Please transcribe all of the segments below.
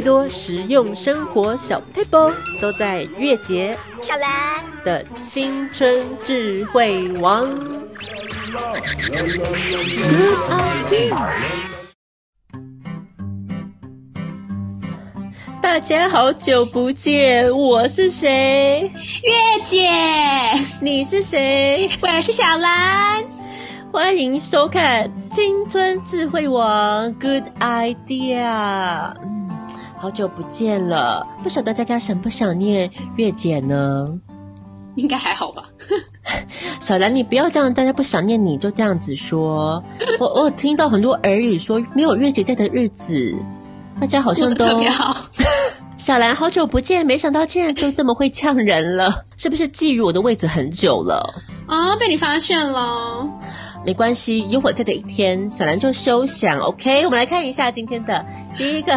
最多實用生活小撇步都在月姐小蘭的青春智慧王。Good idea. 大家好久不見，我是誰？月姐，你是誰？我是小蘭。歡迎收看《青春智慧王》，Good Idea。好久不見了，不曉得大家想不想念月姐呢？應該還好吧？ 小蘭，你不要這樣，大家不想念你就這樣子說。我我聽到很多耳語說，沒有月姐在的日子，大家好像都特別好。小蘭，好久不見，沒想到竟然就這麼會嗆人了，是不是覬覦我的位置很久了？啊，被你發現了。沒關係，有我在的一天，小蘭就休想。OK，我們來看一下今天的第一個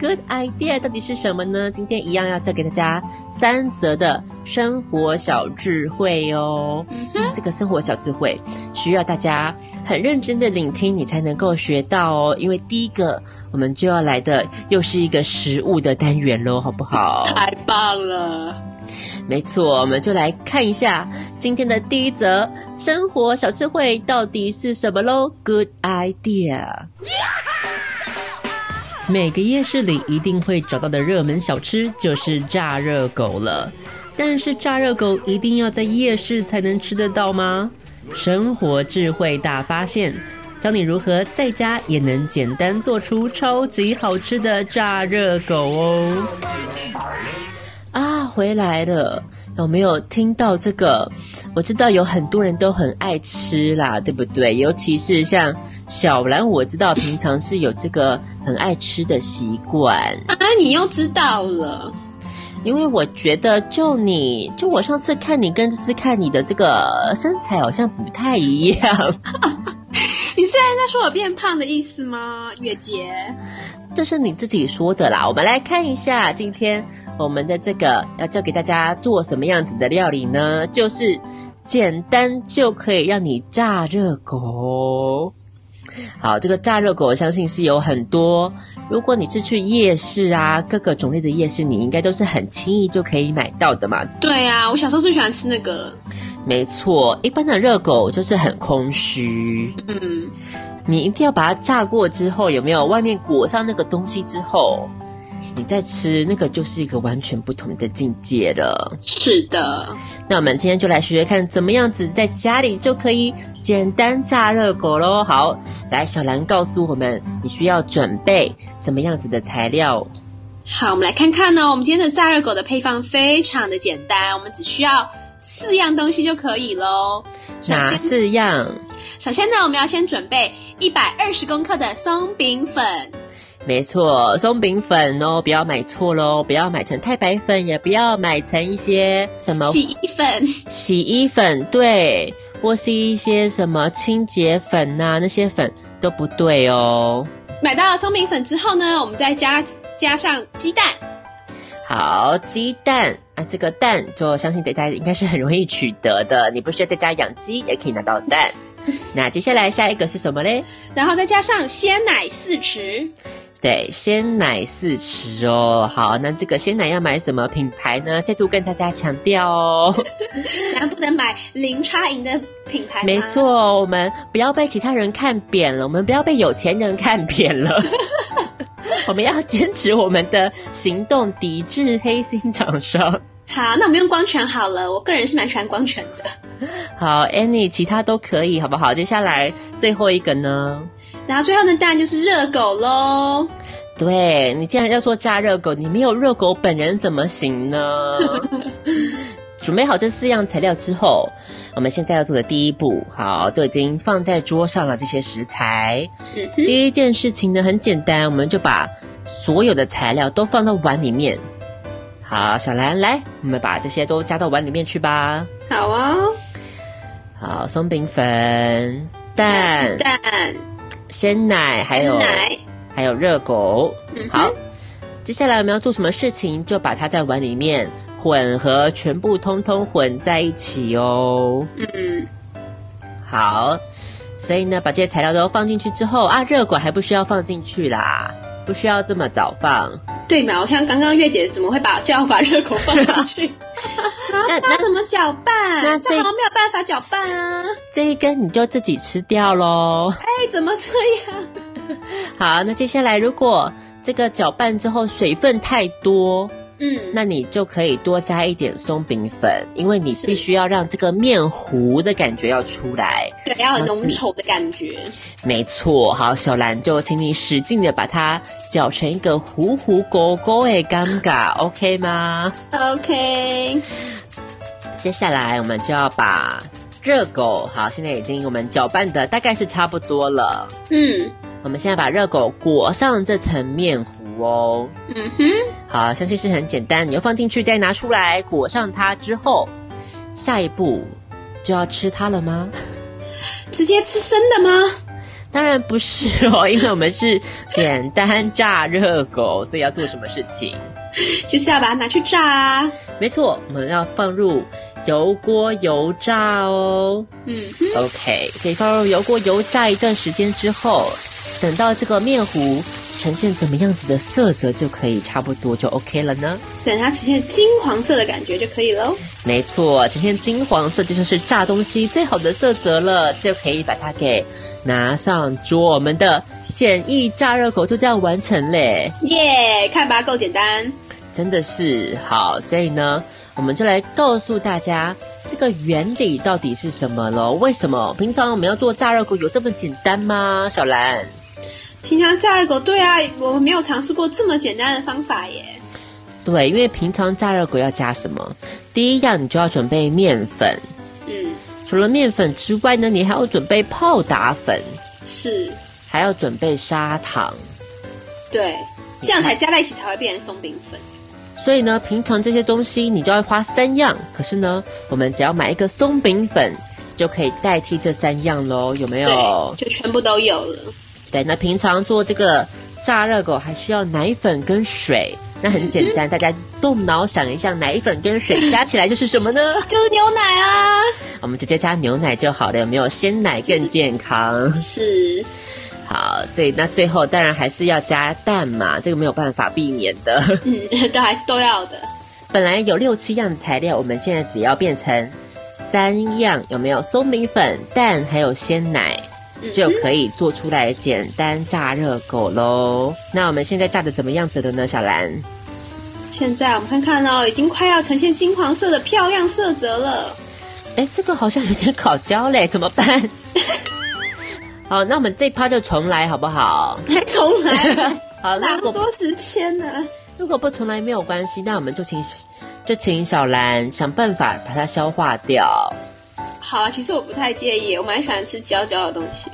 good idea 到底是什麼呢？今天一樣要教給大家三則的生活小智慧哦。Mm-hmm. 嗯。這個生活小智慧需要大家很認真的聆聽，你才能夠學到哦。因為第一個我們就要來的又是一個食物的單元嘍，好不好？太棒了！沒錯，我們就來看一下今天的第一則生活小智慧到底是什麼咯？Good idea！Yeah! 每個夜市裡一定會找到的熱門小吃就是炸熱狗了，但是炸熱狗一定要在夜市才能吃得到嗎？生活智慧大發現，教你如何在家也能簡單做出超級好吃的炸熱狗哦。啊，回來了！有沒有聽到這個？我知道有很多人都很愛吃啦，對不對？尤其是像小蘭，我知道平常是有這個很愛吃的習慣。啊，你又知道了？因為我覺得就你就我上次看你跟這次看你的這個身材好像不太一樣。 你現在在說我變胖的意思嗎，月姐？這是你自己說的啦，我們來看一下今天我們的這個要教給大家做什麼樣子的料理呢？就是簡單就可以讓你炸熱狗。好，這個炸熱狗我相信是有很多，如果你是去夜市啊，各個種類的夜市，你應該都是很輕易就可以買到的嘛。對啊，我小時候最喜歡吃那個。沒錯，一般的熱狗就是很空虛。嗯。你一定要把它炸過之後，有沒有外面裹上那個東西之後，你再吃那個就是一個完全不同的境界了。是的，那我們今天就來學學看怎麼樣子在家裡就可以簡單炸熱狗嘍。好，來，小蘭告訴我們你需要準備什麼樣子的材料。好，我們來看看呢、哦，我們今天的炸熱狗的配方非常的簡單，我們只需要。四樣東西就可以嘍。哪四樣？首先呢，我們要先準備一百二十公克的鬆餅粉。沒錯，鬆餅粉哦，不要買錯嘍，不要買成太白粉，也不要買成一些什麼洗衣粉、洗衣粉，對，或是一些什麼清潔粉吶、啊，那些粉都不對哦。買到鬆餅粉之後呢，我們再加加上雞蛋。好，雞蛋啊，這個蛋就相信大家應該是很容易取得的，你不需要在家養雞也可以拿到蛋。那接下來下一個是什麼嘞？然後再加上鮮奶四匙，對，鮮奶四匙哦。好，那這個鮮奶要買什麼品牌呢？再度跟大家強調哦，咱不能買零差銀的品牌嗎？沒錯，我們不要被其他人看扁了，我們不要被有錢人看扁了。 我們要堅持我們的行動，抵制黑心廠商。好，那我們用光泉好了。我個人是蠻喜歡光泉的。好，Annie，其他都可以，好不好？接下來最後一個呢？然後最後呢，當然就是熱狗嘍。對，你既然要做炸熱狗，你沒有熱狗本人怎麼行呢？ 準備好這四樣材料之後，我們現在要做的第一步，好，都已經放在桌上了這些食材。嗯、哼第一件事情呢，很簡單，我們就把所有的材料都放到碗裡面。好，小蘭來，我們把這些都加到碗裡面去吧。好哦。好，鬆餅粉、蛋、雞蛋、鮮奶，鮮奶還有還有熱狗、嗯、哼好，接下來我們要做什麼事情？就把它在碗裡面。混合全部通通混在一起哦。嗯，好，所以呢，把這些材料都放進去之後啊，熱狗還不需要放進去啦，不需要這麼早放。對嘛？我看剛剛月姐怎麼會把就要把熱狗放進去？ 然後這那那怎麼攪拌？那這好像沒有辦法攪拌啊。這一根你就自己吃掉嘍。哎、欸，怎麼這樣？好，那接下來如果這個攪拌之後水分太多，嗯，那你就可以多加一點鬆餅粉，因為你必須要讓這個麵糊的感覺要出來，對，要有濃稠的感覺。沒錯，好，小蘭就請你使勁的把它攪成一個糊糊狗狗的尷尬 ，OK 嗎？OK。接下來我們就要把熱狗，好，現在已經我們攪拌的大概是差不多了，嗯。我們現在把熱狗裹上這層麵糊哦。嗯哼。好，相信是很簡單，你要放進去，再拿出來裹上它之後，下一步就要吃它了嗎？直接吃生的嗎？當然不是哦，因為我們是簡單炸熱狗， 所以要做什麼事情？就是要把它拿去炸啊。沒錯，我們要放入油鍋油炸哦。嗯哼。OK，所以放入油鍋油炸一段時間之後。等到這個麵糊呈現怎麼樣子的色澤，就可以差不多就 OK 了呢？等它呈現金黃色的感覺就可以嘍。沒錯，呈現金黃色就是炸東西最好的色澤了，就可以把它給拿上桌。我們的簡易炸熱狗就這樣完成嘞！耶，yeah, 看吧，夠簡單，真的是好。所以呢，我們就來告訴大家這個原理到底是什麼咯？為什麼平常我們要做炸熱狗有這麼簡單嗎？小蘭。平常炸熱狗，對啊，我沒有嘗試過這麼簡單的方法耶。對，因為平常炸熱狗要加什麼？第一樣你就要準備麵粉。嗯。除了麵粉之外呢，你還要準備泡打粉。是。還要準備砂糖。對。這樣才加在一起才會變成鬆餅粉。嗯。所以呢，平常這些東西你都要花三樣。可是呢，我們只要買一個鬆餅粉就可以代替這三樣嘍，有沒有？對，就全部都有了。對，那平常做這個炸熱狗還需要奶粉跟水，那很簡單，大家動腦想一下，奶粉跟水加起來就是什麼呢？就是牛奶啊！我們直接加牛奶就好了，有沒有？鮮奶更健康。是，是好，所以那最後當然還是要加蛋嘛，這個沒有辦法避免的。嗯，都還是都要的。本來有六七樣的材料，我們現在只要變成三樣，有沒有？鬆餅粉、蛋還有鮮奶。嗯嗯，就可以做出來簡單炸熱狗嘍。那我們現在炸的怎麼樣子的呢？小蘭，現在我們看看哦，已經快要呈現金黃色的漂亮色澤了。哎、欸，這個好像有點烤焦嘞，怎麼辦？ 好，那我們這一趴就重來好不好？還重來？ 好，差不多時間呢。如果不重來沒有關係，那我們就請就請小蘭想辦法把它消化掉。好啊，其實我不太介意，我蠻喜歡吃焦焦的東西。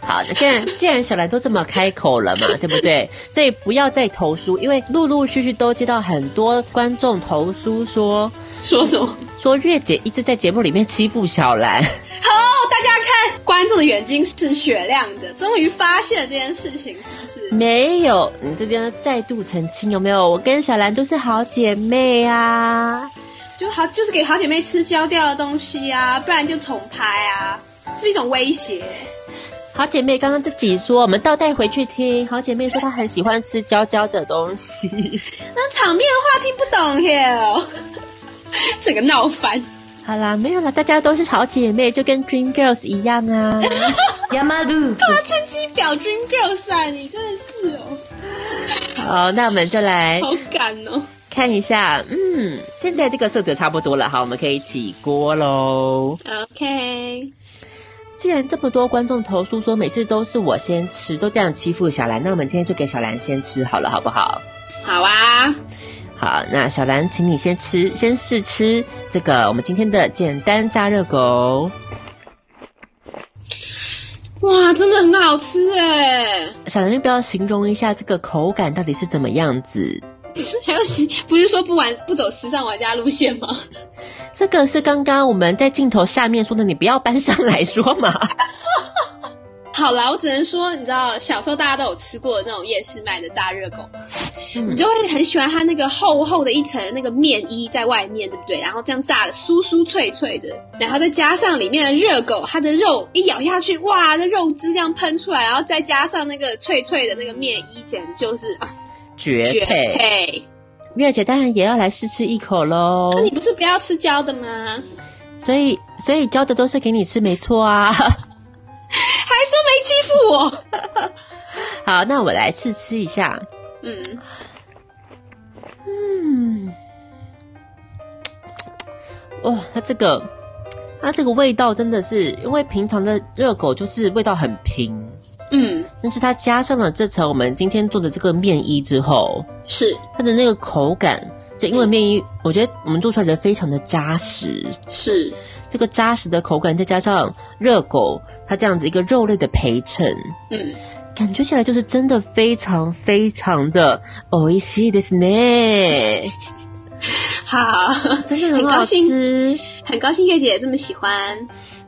好的，既然既然小蘭都這麼開口了嘛，對不對？所以不要再投訴，因為陸陸續續都接到很多觀眾投訴，說說什麼？說月姐一直在節目裡面欺負小蘭。好，大家看，觀眾的眼睛是雪亮的，終於發現了這件事情，是不是？沒有，你這邊再度澄清有沒有？我跟小蘭都是好姐妹啊。就好就是給好姐妹吃焦掉的東西啊，不然就重拍啊。是不是一種威脅？好姐妹剛剛自己說，我們倒帶回去聽，好姐妹說她很喜歡吃焦焦的東西 那場面話聽不懂嘿，這 個鬧翻。好啦，沒有啦，大家都是好姐妹，就跟 Dream Girls 一樣啊 YAMALU 她她稱其表 Dream Girls 啊，你真的是哦 好，那我們就來好感哦看一下，嗯，現在這個色澤差不多了，好，我們可以起鍋嘍。OK，既然這麼多觀眾投訴說每次都是我先吃，都這樣欺負小蘭，那我們今天就給小蘭先吃好了，好不好？好啊，好，那小蘭請你先吃，先試吃這個我們今天的簡單炸熱狗。哇，真的很好吃哎！小蘭，要不要形容一下這個口感到底是怎麼樣子？不是還有洗？不是說不玩不走時尚玩家路線嗎？這個是剛剛我們在鏡頭下面說的，你不要搬上來說嘛。 好了，我只能說，你知道小時候大家都有吃過的那種夜市賣的炸熱狗，嗯、你就會很喜歡它那個厚厚的一層的那個麵衣在外面，對不對？然後這樣炸的酥酥脆脆的，然後再加上裡面的熱狗，它的肉一咬下去，哇，那肉汁這樣噴出來，然後再加上那個脆脆的那個麵衣，簡直就是啊。絕配！絕配。月姊當然也要來試吃一口嘍。那你不是不要吃焦的嗎？所以，所以焦的都是給你吃，沒錯啊。 還說沒欺負我？ 好，那我來試吃一下。嗯嗯。哇、嗯，它這個，它這個味道真的是，因為平常的熱狗就是味道很平，嗯，但是它加上了這層我們今天做的這個麵衣之後，是它的那個口感，就因為麵衣，嗯，我覺得我們做出來的非常的扎實，是這個扎實的口感，再加上熱狗，它這樣子一個肉類的陪襯，嗯，感覺起來就是真的非常非常的おいしいですね。 好，好，真的 很，很高興，很高興月姐這麼喜歡。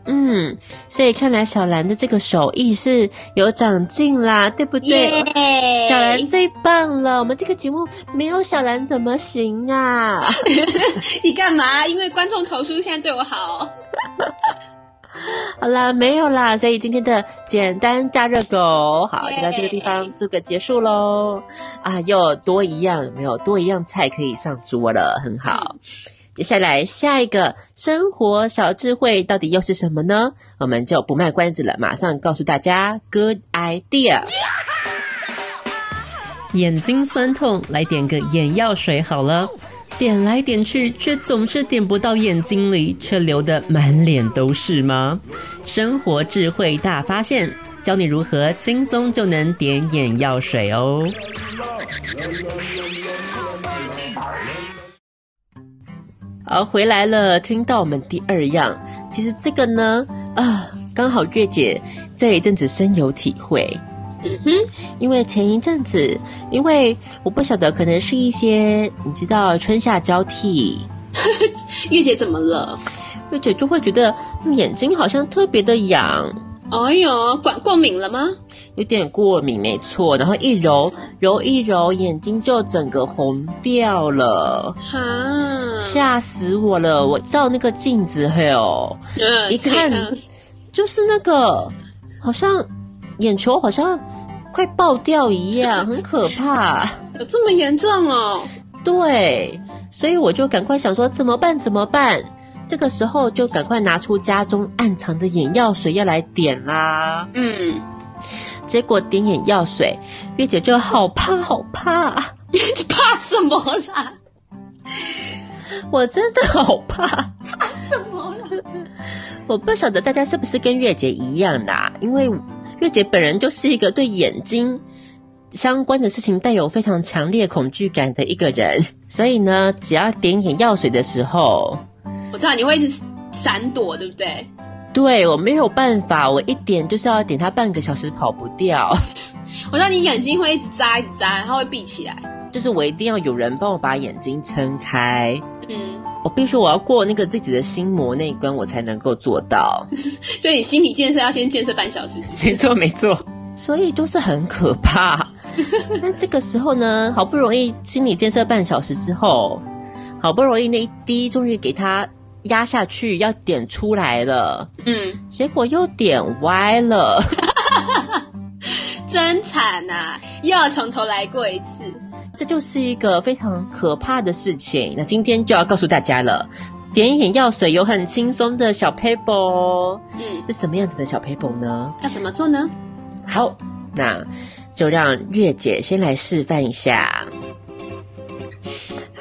嗯，所以看來小蘭的這個手藝是有長進啦，對不對？Yeah 小蘭最棒了，我們這個節目沒有小蘭怎麼行啊？ 你幹嘛？因為觀眾投訴現在對我好。 好啦，沒有啦，所以今天的簡單炸熱狗，好 Yeah 就到這個地方做個結束嘍。啊，又多一樣，有沒有多一樣菜可以上桌了？很好。嗯接下來，下一個生活小智慧到底又是什麼呢？我們就不賣關子了，馬上告訴大家。Good idea！哈眼睛酸痛，來點個眼藥水好了。點來點去，卻總是點不到眼睛裡，卻流得滿臉都是嗎？生活智慧大發現，教你如何輕鬆就能點眼藥水哦。好、啊，回來了，聽到我們第二樣，其實這個呢，啊、呃，剛好月姐這一陣子深有體會，嗯哼，因為前一陣子，因為我不曉得，可能是一些你知道，春夏交替， 月姐怎麼了？月姐就會覺得眼睛好像特別的癢。哎、哦、呦，管過敏了嗎？有點過敏，沒錯。然後一揉揉一揉，眼睛就整個紅掉了，嚇哈死我了！我照那個鏡子，嘿哦，呃、一看、呃、就是那個，好像眼球好像快爆掉一樣， 很可怕。有這麼嚴重哦？對，所以我就趕快想說怎麼辦？怎麼辦？這個時候就趕快拿出家中暗藏的眼藥水要來點啦、啊！嗯，結果點眼藥水，月姐就好怕，好怕！怕什麼啦？我真的好怕！怕什麼啦？我不曉得大家是不是跟月姐一樣啦，因為月姐本人就是一個對眼睛相關的事情帶有非常強烈恐懼感的一個人，所以呢，只要點眼藥水的時候。我知道你會一直閃躲，對不對？對，我沒有辦法，我一點就是要點他半個小時跑不掉。 我知道你眼睛會一直眨，一直眨，然後會閉起來。就是我一定要有人幫我把眼睛撐開。嗯，我必須說我要過那個自己的心魔那一關，我才能夠做到。 所以你心理建設要先建設半小時是不是？沒錯沒錯。所以都是很可怕。 那這個時候呢，好不容易心理建設半小時之後，好不容易那一滴終於給他。壓下去要點出來了，嗯，結果又點歪了， 真慘啊！又要從頭來過一次，這就是一個非常可怕的事情。那今天就要告訴大家了，點眼藥水有很輕鬆的小 paper。嗯，是什麼樣子的小 paper 呢？要怎麼做呢？好，那就讓月姐先來示範一下。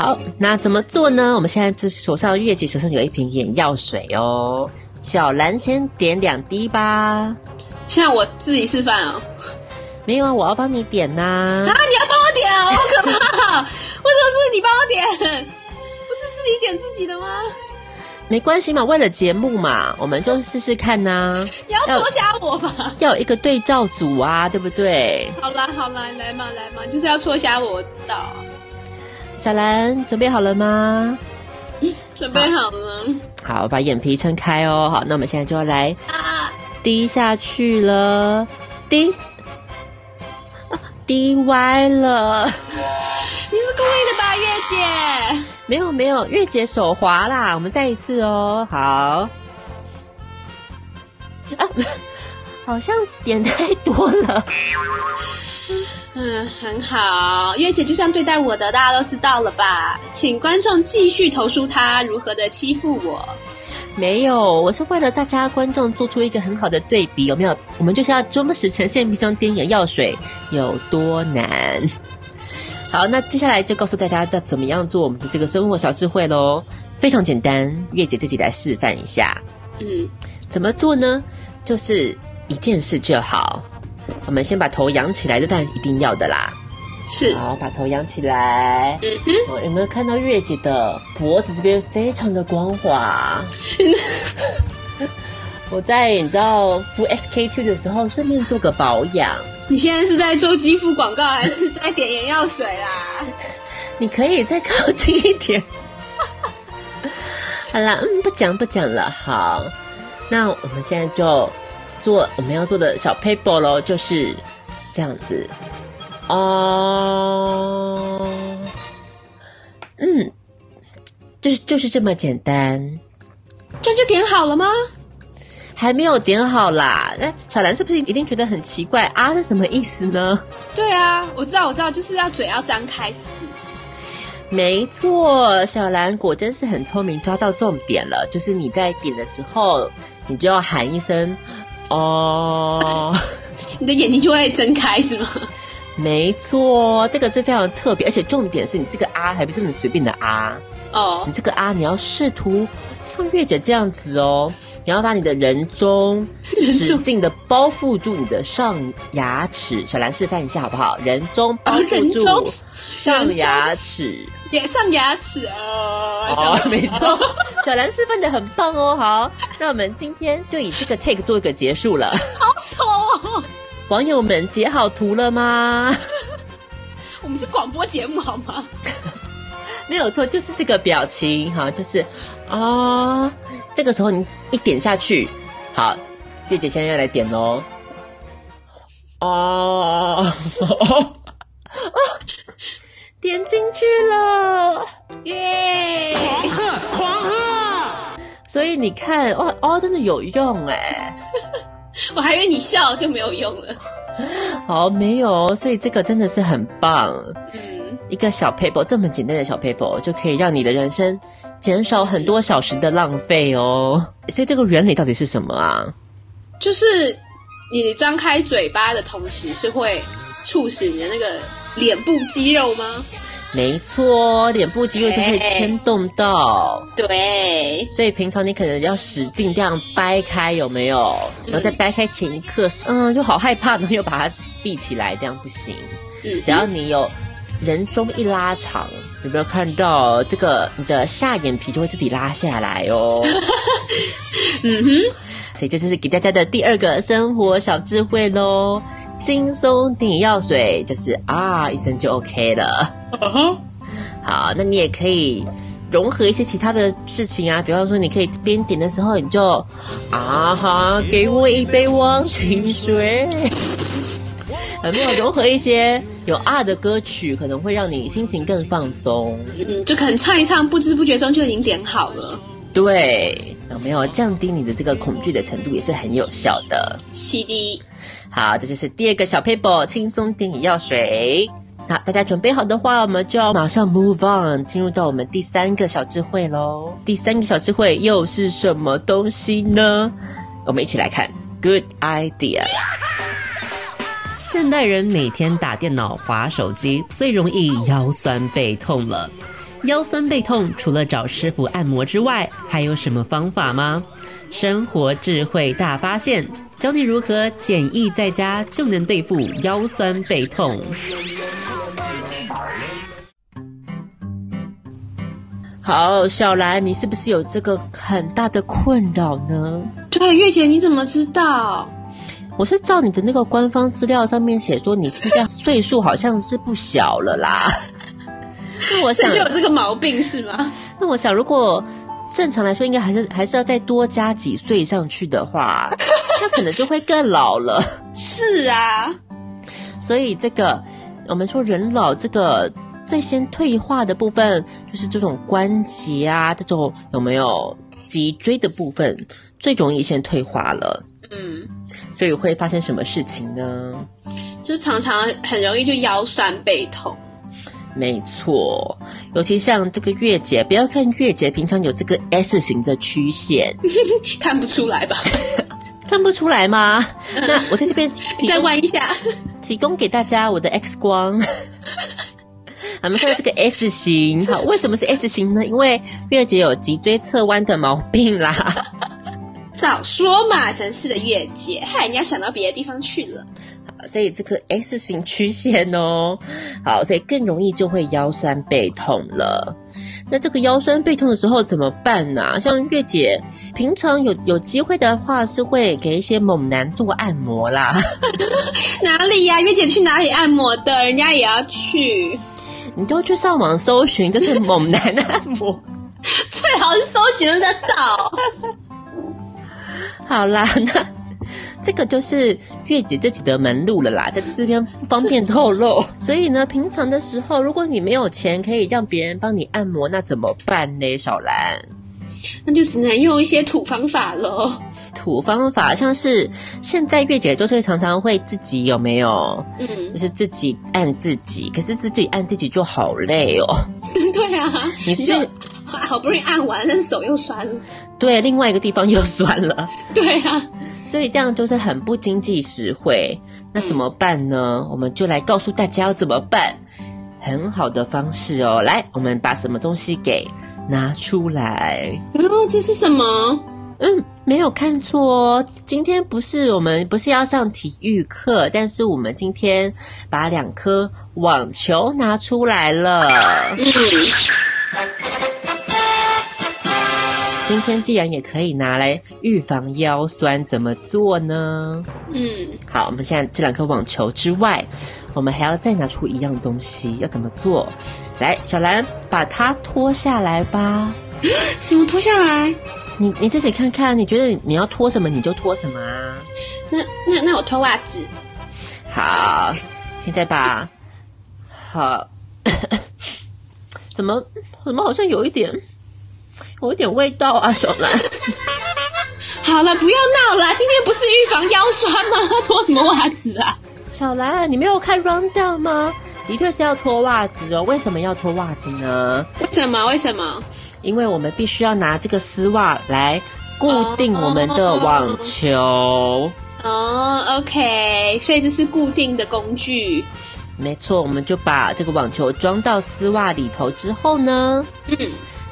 哦、那怎麼做呢？我們現在這手上的月姊手上有一瓶眼藥水哦。小蘭先點兩滴吧。現在我自己示範哦。沒有啊，我要幫你點吶、啊。啊，你要幫我點哦、啊、好可怕、啊！ 為什麼是你幫我點？不是自己點自己的嗎？沒關係嘛，為了節目嘛，我們就試試看吶、啊啊。你要戳瞎我吧？要有一個對照組啊，對不對？好啦，好啦，來嘛來嘛，就是要戳瞎我，我知道。小蘭準備好了嗎？準備好了好。好，把眼皮撐開哦。好，那我們現在就要來滴下去了。滴，啊，滴歪了。 你是故意的吧，月姐？沒有沒有，月姐手滑啦。我們再一次哦。好，啊，好像點太多了。很好，月姐就像對待我的，大家都知道了吧？請觀眾繼續投訴她如何的欺負我。沒有，我是為了大家觀眾做出一個很好的對比，有沒有？我們就是要專門使呈現瓶上點眼藥水有多難。好，那接下來就告訴大家要怎麼樣做我們的這個生活小智慧嘍。非常簡單，月姐自己來示範一下。嗯，怎麼做呢？就是一件事就好。我們先把頭仰起來，這當然是一定要的啦。是，好，把頭仰起來。嗯哼、嗯，有沒有看到月姐的脖子這邊非常的光滑？ 我在你知道敷 SK two 的時候，順便做個保養。你現在是在做肌膚廣告，還是在點眼藥水啦？ 你可以再靠近一點。 好啦，嗯，不講不講了。好，那我們現在就。做我們要做的小 paper 嘍，就是這樣子哦、uh。嗯，就是就是這麼簡單，這就點好了嗎？還沒有點好啦！哎，小蘭是不是一定覺得很奇怪啊？是什麼意思呢？對啊，我知道，我知道，就是要嘴要張開，是不是？沒錯，小蘭果真是很聰明，抓到重點了。就是你在點的時候，你就要喊一聲。哦，oh, 你的眼睛就會睜開，是嗎？沒錯，這個是非常特別，而且重點是你這個啊還不是你隨便你的啊哦，oh. 你這個啊，你要試圖像月姐這樣子哦，你要把你的人中使勁的包覆住你的上牙齒，小蘭示範一下好不好？人中包覆住，住上牙齒。臉上牙齒、呃、哦，沒錯錯， 小蘭示範得很棒哦。好，那我們今天就以這個 take 做一個結束了。好醜、哦，網友們截好圖了嗎？ 我們是廣播節目好嗎？ 沒有錯，就是這個表情，好，就是啊、哦，這個時候你一點下去，好，月姐現在要來點嘍，哦。哦 哦點進去了，耶 Yeah!！狂賀，狂賀，所以你看，哦哦，真的有用哎！ 我還以為你笑了就沒有用了。好、哦，沒有。所以這個真的是很棒。嗯，一個小 paper，這麼簡單的小 paper 就可以讓你的人生減少很多小時的浪費哦。嗯、所以這個原理到底是什麼啊？就是你張開嘴巴的同時，是會促使你的那個。臉部肌肉嗎？沒錯，臉部肌肉就會牽動到。對，對，所以平常你可能要使勁這樣掰開，有沒有？嗯、然後在掰開前一刻，嗯，就好害怕，然後又把它閉起來，這樣不行。嗯、只要你有人中一拉長，有沒有看到這個？你的下眼皮就會自己拉下來哦。 嗯哼，所以這就是給大家的第二個生活小智慧咯。輕鬆點藥水，就是啊一聲就 OK 了。Uh huh. 好，那你也可以融合一些其他的事情啊，比方說，你可以邊點的時候，你就啊哈，uh、huh, 給我一杯忘情水。Uh huh. 有沒有融合一些有啊的歌曲，可能會讓你心情更放鬆？嗯，就可能唱一唱，不知不覺中就已經點好了。對，有沒有降低你的這個恐懼的程度，也是很有效的。CD。好，這就是第二個小 paper，輕鬆點眼藥水。好，大家準備好的話，我們就要馬上 move on，進入到我們第三個小智慧嘍。第三個小智慧又是什麼東西呢？我們一起來看，Good idea。現代人每天打電腦、滑手機，最容易腰痠背痛了。腰痠背痛，除了找師傅按摩之外，還有什麼方法嗎？生活智慧大發現，教你如何簡易在家就能對付腰酸背痛。好，小蘭，你是不是有這個很大的困擾呢？對，月姐，你怎麼知道？我是照你的那個官方資料上面寫說，你現在歲數好像是不小了啦。 那我想就有這個毛病是嗎？那我想，如果。正常來說，應該還是還是要再多加幾歲上去的話，他 可能就會更老了。是啊，所以這個我們說人老，這個最先退化的部分就是這種關節啊，這種有沒有脊椎的部分最容易先退化了。嗯，所以會發生什麼事情呢？就是常常很容易就腰酸背痛。沒錯，尤其像這個月姐，不要看月姐平常有這個 S 型的曲線，看不出來吧？ 看不出來嗎？嗯，那我在這邊再彎一下，提供給大家我的 X 光。我 們看到這個 S 型，好，為什麼是 S 型呢？因為月姐有脊椎側彎的毛病啦。早說嘛，真是的，月姐，害人家想到別的地方去了。所以這個 S 型曲線哦，好，所以更容易就會腰酸背痛了。那這個腰酸背痛的時候怎麼辦呢，啊？像月姐，平常有有機會的話，是會給一些猛男做按摩啦。哪裡呀？月姐去哪裡按摩的？人家也要去。你都去上網搜尋，就是猛男按摩。最好是搜尋得到。好啦，那這個就是。月姐自己的門路了啦，在這邊不方便透露。是的。所以呢，平常的時候，如果你沒有錢可以讓別人幫你按摩，那怎麼辦呢？小蘭？那就只能用一些土方法了。土方法，像是現在月姐都是常常會自己有沒有？嗯，就是自己按自己。可是自己按自己就好累哦。 對啊，你是是就好不容易按完，但是手又酸了。對，另外一個地方又酸了。對啊。所以這樣就是很不經濟實惠，那怎麼辦呢？嗯、我們就來告訴大家要怎麼辦，很好的方式哦。來，我們把什麼東西給拿出來？哦，這是什麼？嗯，沒有看錯哦，今天不是我們不是要上體育課，但是我們今天把兩顆網球拿出來了。嗯今天既然也可以拿來預防腰酸，怎麼做呢？嗯，好，我們現在這兩顆網球之外，我們還要再拿出一樣東西，要怎麼做？來，小蘭，把它脫下來吧。什麼脫下來？你你自己看看，你覺得你要脫什麼，你就脫什麼啊。那那那我脫襪子。好，現在吧。好。 怎麼怎麼好像有一點。我有點味道啊，小蘭。 好了，不要鬧了，今天不是預防腰酸嗎？脫 什麼襪子啊，小蘭？你沒有看 Rundown 嗎？的確是要脫襪子哦。為什麼要脫襪子呢？為什麼？為什麼？因為我們必須要拿這個絲襪來固定我們的網球。哦、oh, oh. oh,，OK，所以這是固定的工具。沒錯，我們就把這個網球裝到絲襪裡頭之後呢。嗯。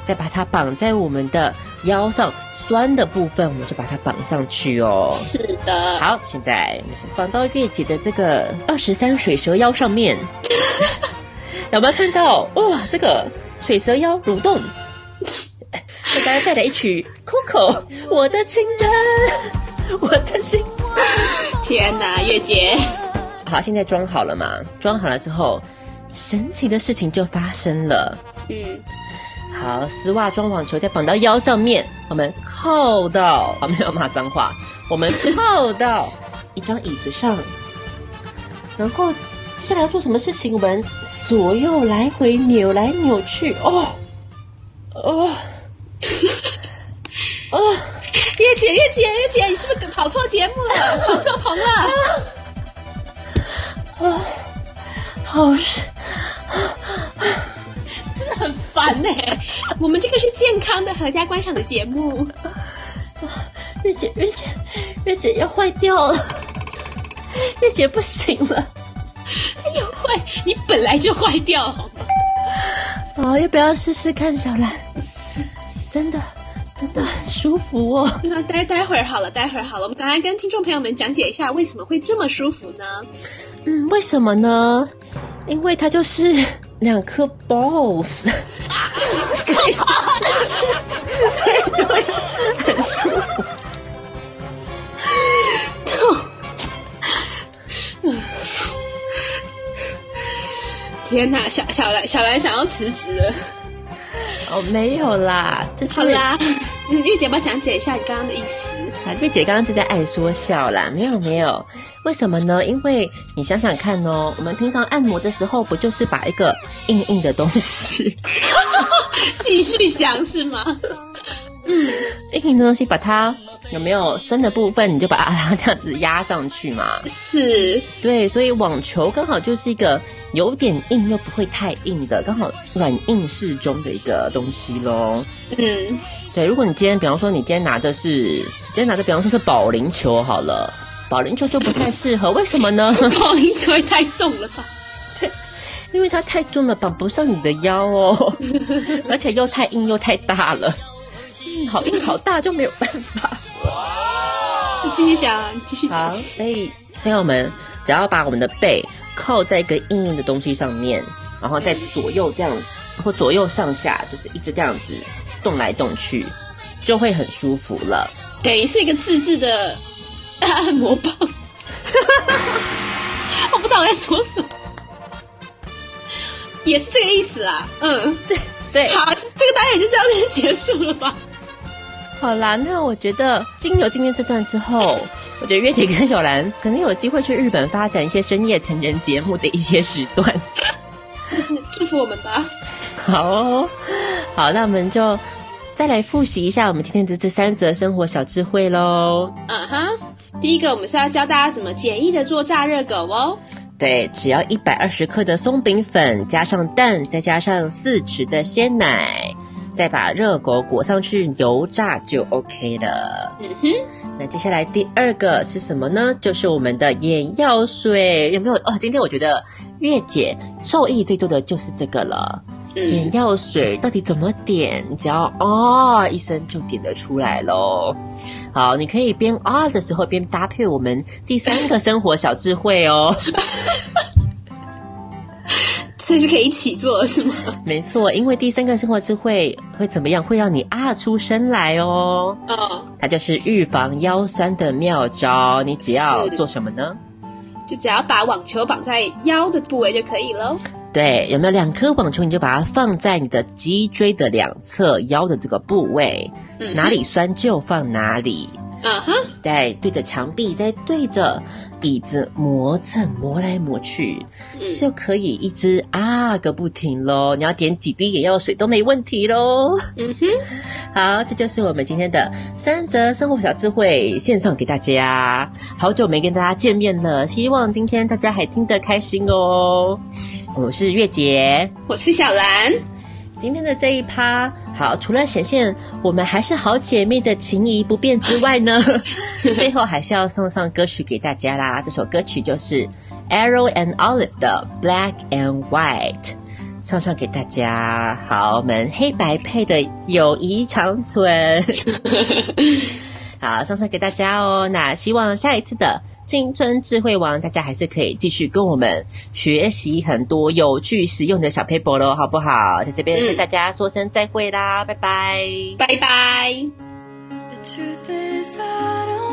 再把它綁在我們的腰上，酸的部分我們就把它綁上去哦。是的。好，現在我們先綁到月姐的這個二十三水蛇腰上面，有沒有看到哇、哦？這個水蛇腰蠕動。給 大家帶來一曲《Coco，》 我的情人，我的心。天哪，月姐！好，現在裝好了嘛？裝好了之後，神奇的事情就發生了。嗯。好，絲襪裝網球，再綁到腰上面。我們靠到，啊，沒有罵髒話。我們靠到一張椅子上，然後接下來要做什麼事情？我們左右來回扭來扭去。哦，哦， 哦，月姐，月姐，月姐，你是不是跑錯節目了？ 跑錯棚了？ 啊，好熱！啊啊真的很煩哎、欸！ 我們這個是健康的合家觀賞的節目。月姐，月姐，月姐要壞掉了！月姐不行了！哎呦，壞！你本來就壞掉，好吧、哦？要不要試試看小蘭？真的，真的很舒服哦。那、呃、待待會兒好了，待會兒好了，我們趕快跟聽眾朋友們講解一下為什麼會這麼舒服呢？嗯，為什麼呢？因為它就是。兩顆 balls，o 對對，很舒服。痛，天哪！小小蘭小蘭想要辭職了，哦，沒有啦，好這是。好啦。嗯、月姐，幫我講解一下你剛剛的意思。啊，月姐剛剛是在愛說笑啦，沒有沒有，為什麼呢？因為你想想看哦、喔，我們平常按摩的時候，不就是把一個硬硬的東西 講，繼續講是嗎？嗯，硬硬的東西把它。有沒有酸的部分？你就把它這樣子壓上去嘛。是，對，所以網球剛好就是一個有點硬又不會太硬的，剛好軟硬適中的一個東西咯。嗯，對。如果你今天，比方說，你今天拿的是，今天拿的，比方說是保齡球好了，保齡球就不太適合。為什麼呢？保齡球也太重了吧？對，因為它太重了，綁不上你的腰哦， 而且又太硬又太大了。嗯，好硬好大就沒有辦法。繼續講，繼續講。所以，所以我們只要把我們的背靠在一個硬硬的東西上面，然後再左右這樣，或左右上下，就是一直這樣子動來動去，就會很舒服了。等於是一個自制的按摩、啊、棒。 我不知道我在說什麼，也是這個意思啊。嗯，對對。對好，這、這個單元就這樣子結束了吧。好啦，那我覺得經由今天這段之後，我覺得月姐跟小蘭可能有機會去日本發展一些深夜成人節目的一些時段。祝福我們吧。好、哦，好，那我們就再來複習一下我們今天的這三則生活小智慧嘍。啊哈、uh-huh. 第一個我們是要教大家怎麼簡易的做炸熱狗哦。對，只要一百二十克的鬆餅粉，加上蛋，再加上四匙的鮮奶。再把熱狗裹上去油炸就 OK 了。嗯哼，那接下來第二個是什麼呢？就是我們的眼藥水有沒有？哦，今天我覺得月姐受益最多的就是這個了。嗯。眼藥水到底怎麼點？只要啊，哦，一聲就點得出來咯。好，你可以邊啊的時候邊搭配我們第三個生活小智慧哦。 所以是可以一起做，是嗎？沒錯，因為第三個生活智慧會，會怎麼樣，會讓你啊出聲來哦。哦，它就是預防腰酸的妙招。你只要做什麼呢？就只要把網球綁在腰的部位就可以嘍。對，有沒有兩顆網球？你就把它放在你的脊椎的兩側，腰的這個部位，嗯、哼哪裡酸就放哪裡。啊哈！在、uh huh. 對着牆壁，在對着椅子，磨蹭磨來磨去，嗯、就可以一直啊個不停咯，你要點幾滴眼藥水都沒問題咯嗯哼，uh huh. 好，這就是我們今天的三則生活小智慧，獻上給大家。好久沒跟大家見面了，希望今天大家還聽得開心哦。我是月姊，我是小蘭。今天的這一趴，好，除了顯現我們還是好姐妹的情誼不變之外呢， 最後還是要送上歌曲給大家啦。這首歌曲就是 Arrow and Olive 的《Black and White》，送上給大家。好，我們黑白配的友誼長存。 好，送上給大家哦。那希望下一次的。青春智慧王，大家還是可以繼續跟我們學習很多有趣實用的小撇步嘍，好不好？在這邊跟大家說聲再會啦，嗯、拜拜，拜拜。The truth is I